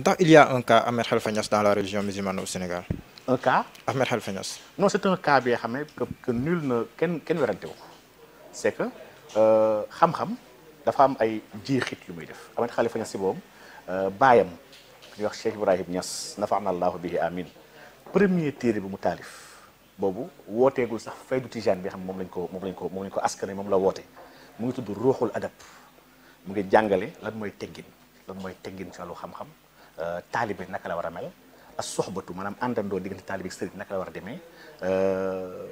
ndax il y a un cas Ahmed Khalifa Niass dans la religion musulmane au Sénégal. un cas Ahmed Khalifa Niass. non c' bi nga xam ne que que kenn kenn werante ko c' est que euh, xam-xam dafa am ay jiixit yu muy def Ahmed Khalifa Niass si boobu euh, baayam ñuy wax Cheikh Ibrahim Niass nafaana allahu bihi amin premier téere bi mu taalif boobu wooteegul sax faydu tijaan bi nga xam moom lañ ko moom lañ ko moom ko askane moom la woote mu ngi tudd rooxul adab mu ngi jàngale lan mooy teggin lan mooy teggin ci wàllu xam-xam. Euh, taalibe naka la war a mel as soxbatu maanaam àndandoo diggante taalibe ak sëriñ naka la war a demee euh,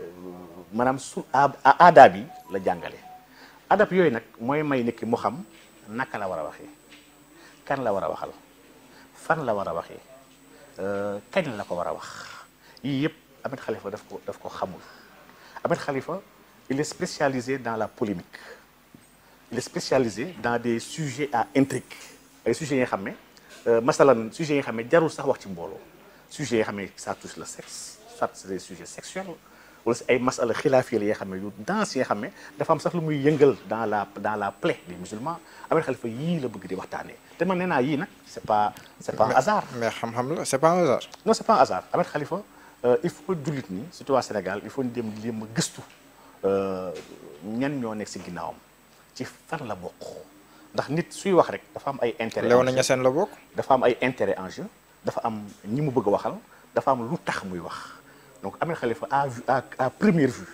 maanaam su aadaab yi la jàngale adab yooyu nag mooy may nit mu xam naka la war a waxee kan la war a waxal fan la war a waxee euh, kañ la ko war a wax yii yëpp Ahmed Khalifa daf ko daf ko xamul Ahmed Khalifa il est spécialisé dans la polémique il est spécialisé dans des sujets à intrigue ay sujets yi xam ne Euh, masalan sujet yi nga xam ne jarul sax wax ci mbooloo sujet yi nga xam ne ça touche le sexe soit c'est des si ay masala xilaafiyal yi nga xam ne yu danse yi nga xam ne dafa am sax lu muy yëngal dans la dans la plaie des musulmans yii la bëgg di waxtaanee te man nee naa yii nag c'est pas c'est pas un hasard mais xam-xam la c'est pas un hasard non c'est pas un euh, il faut jullit ni surtout waa Sénégal il faut ñu dem léem a gëstu euh, ñan ñoo nekk si ginnaawam ci fan la bokk ndax nit suy wax rek dafa am ay intérêt Léona Niassène la bokk dafa am ay intérêt en am ñi mu bëgg a waxal dafa am lu tax muy wax donc Ahmed xalifa à à première vue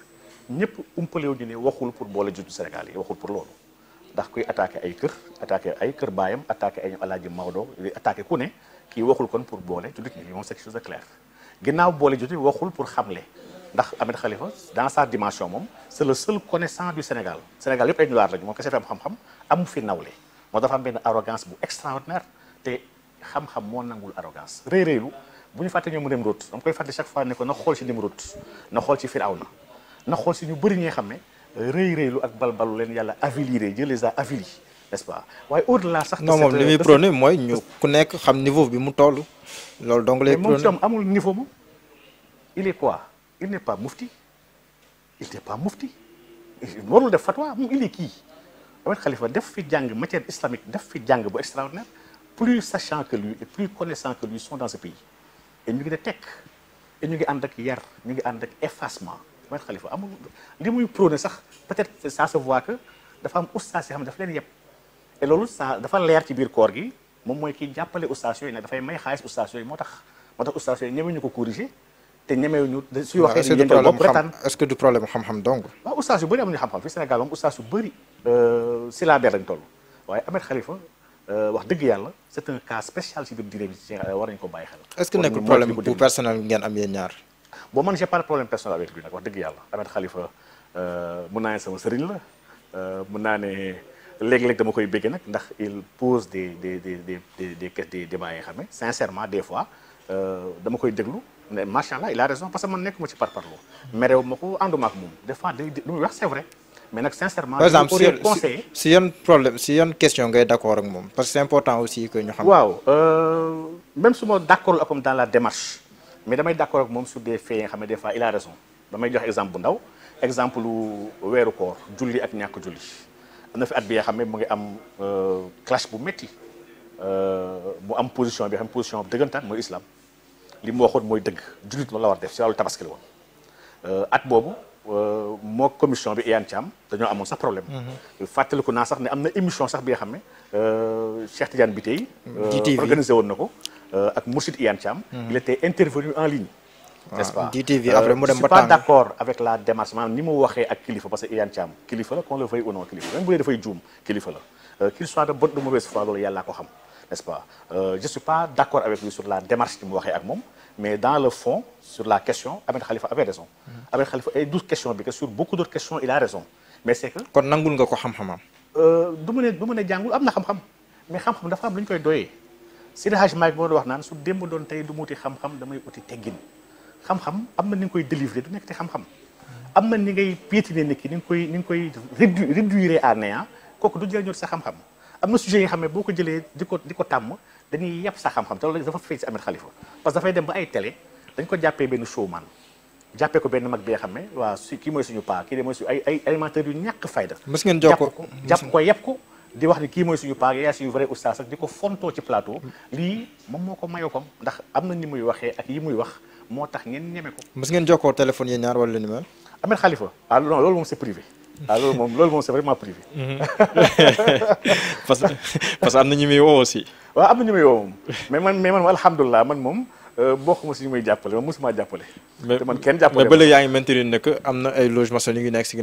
ñëpp umpale wu ne waxul pour boole juddu Sénégal yi waxul pour loolu ndax kuy attaqué ay kër attaqué ay kër baayam attaqué ay alaaji Maodo attaqué ku ne kii waxul kon pour boole juddu ñi moom c'est quelque chose de clair ginnaaw boole juddu waxul pour xamle ndax Ahmed Khalifa dans sa dimension moom c'est le seul connaissant du Sénégal Sénégal yëpp ay noir lañu moom kese fi am xam-xam amu fi nawle moo dafa am benn arrogance bu extraordinaire te xam-xam moo nangul arrogance réy-réylu bu ñu fàtte ñoom Nimrod dama koy fàtte chaque fois ne ko na xool ci Nimrod na xool ci Firawna na xool ci ñu bëri ñi xam ne réy-réylu ak balbalu leen yàlla aviliré Dieu les a avilis n'est-ce pas waaye au sax. na moom li muy mooy ñu ku nekk xam niveau bi mu toll. loolu donc lay prôné mais amul niveau moom il est quoi. il n'est pas mufti il n'est pas mufti warul def fatwa mu il est kii Ahmed Khalifa def fi jàng matière islamique def fi jàng bu extraordinaire plus sachant que lui et plus connaissant que lui sont dans ce pays ñu ngi ne tekk et ñu ngi ànd ak yar ñu ngi ànd ak effacement Ahmed xalifa amul li muy prôné sax peut-être ça se voit que dafa am ustaas yoo xam ne dafa leen yëpp et loolu ça dafa leer ci biir koor gi moom mooy kii jàppale ustaas yooyu nag dafay may xaalis ustaas yooyu moo tax moo tax ustaas yooyu ñu ko corriger te ñemewuñu suñu waxee ni yéen bopp retaan est du problème xam-xam donc ustaas yu bëri amuñu xam-xam fi Sénégal ustaas yu bëri euh, si la der lañ waaye Ahmed Khalifa euh, wax dëgg yàlla c'est un cas spécial si biir euh, ko bàyyi xel est-ce que nekkul problème bu personnel ngeen am yéen ñaar bon man j'ai mun naa ne sama sëriñ la mun naa ne léeg-léeg dama koy bégge nag ndax il pose des des des des des des débats yi nga xam ne sincèrement des fois Euh, dama koy déglu ne macha allah il a raison parce que man nekkuma ci parparloo mais réew ma ko ànduma ak moom des fois day lu muy wax c'est vrai mais nag sincèrement. par exemple si si yan problème si yan question ngay d'accord ak moom parce que c'est important aussi que ñu xam. waaw euh, même su ma d'accord ak moom dans la démarche mais damay d'accord ak moom sur des faits yi nga xam ne des raison damay jox exemple bu ndaw exemple weeru koor julli ak ñàkk julli am na fi at bi nga xam ne mu ngi am euh, clash bu métti. mu am position bi xam position bi mooy islam li mu waxoon mooy dëgg jullit ma la war def si wàllu tabaski la woon euh, at boobu euh, moo commission bi Iyane Thiam dañoo amoon sax problème. Mm-hmm. fàttaliku naa sax ne am na émission sax bi nga xam ne euh, Cheikh Tidiane Bitèye. GTV organisé woon na ko ak Mourchid Iyane Thiam. Mm-hmm. il était intervenu en ligne. Ah, n'est-ce pas GTV après d'accord avec la démarche ni mu waxee ak kilifa parce que Iyane Thiam kilifa la qu'on le veuille ou kilifa la qu'il n'est-ce pas euh, je suis pas d'accord avec lui sur la démarche bi mu waxee ak moom mais dans le fond sur la question Ahmed Khalifa avait raison mm-hmm. Ahmed Khalifa ay douze questions bi que sur beaucoup d'autres questions il a raison mais c'est que kon nangul nga ko xam-xamam euh, du mu ne du mu ne jàngul am na xam-xam mais xam-xam dafa am lu ñu koy doyee Seydi Hadji Malick moo doon wax naan su démb doon tey du mu uti xam-xam damay uti teggin xam-xam am na ni nga koy délivrer du nekk te xam-xam mm-hmm. am na ni ngay piétiner nit ki ni nga koy ni nga koy réduire à néant kooku du jëriñoo sa xam-xam am na sujet yi nga ne boo ko jëlee di ko di ko tàmm dañuy yàpp sa xam-xam te loolu dafa fay si Ahmed Khalifa parce que dafay dem ba ay tele dañ ko jàppee benn showman jàppee ko benn mag bi nga xam ne waa su kii mooy suñu paa kii de mooy suñu ay ay animateurs yu ñàkk fayda mës ko jàpp ko yàpp ko di wax ni kii mooy suñu paa yaay suñu vrai oustaz ak di ko fontoo ci plateau lii moom moo ko mayoo kom ndax am na ni muy waxee ak yi muy wax moo tax ngeen ñeme ko mës ngeen jokkoo téléphone yéen ñaar wala lu ni mel Ahmed Khalifa ah non loolu ah loolu moom loolu moom c'est vraiment privé. Mhm. parce que parce que am na ñu muy woo aussi. waaw am na ñu muy moom mais man mais man alhamdulilah man moom euh, bokk ma si ñu muy jàppale man mosuma jàppale. te man kenn jàppale mais ba léegi yaa ngi maintenir ne am na ay loge maçonnique yu nekk si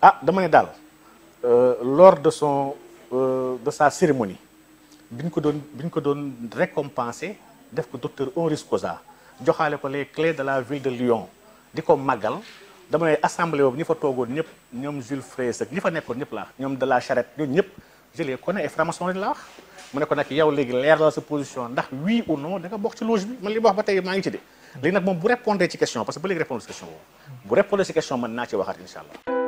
ah dama ne daal euh, lors de son euh, de sa cérémonie bi ñu ko doon bi ko doon récompensé def ko docteur honoris causa joxaale ko les clés de la ville de Lyon di ko màggal. dama ne assemblée boobu ñi fa toogoon ñëpp ñoom Jules Frey ak ñi fa nekkoon ñëpp laa ñoom de la Charette ñoom ñëpp je les connais ay franc-maçon lañ la wax mu ne ko nag yow léegi leeral sa position ndax oui ou non da nga ci loge bi man li ma wax ba tey maa ngi ci de léegi nag moom bu répondre ci question parce que ba léegi répondre ci question boobu bu répondre ci question man naa ci waxaat incha allah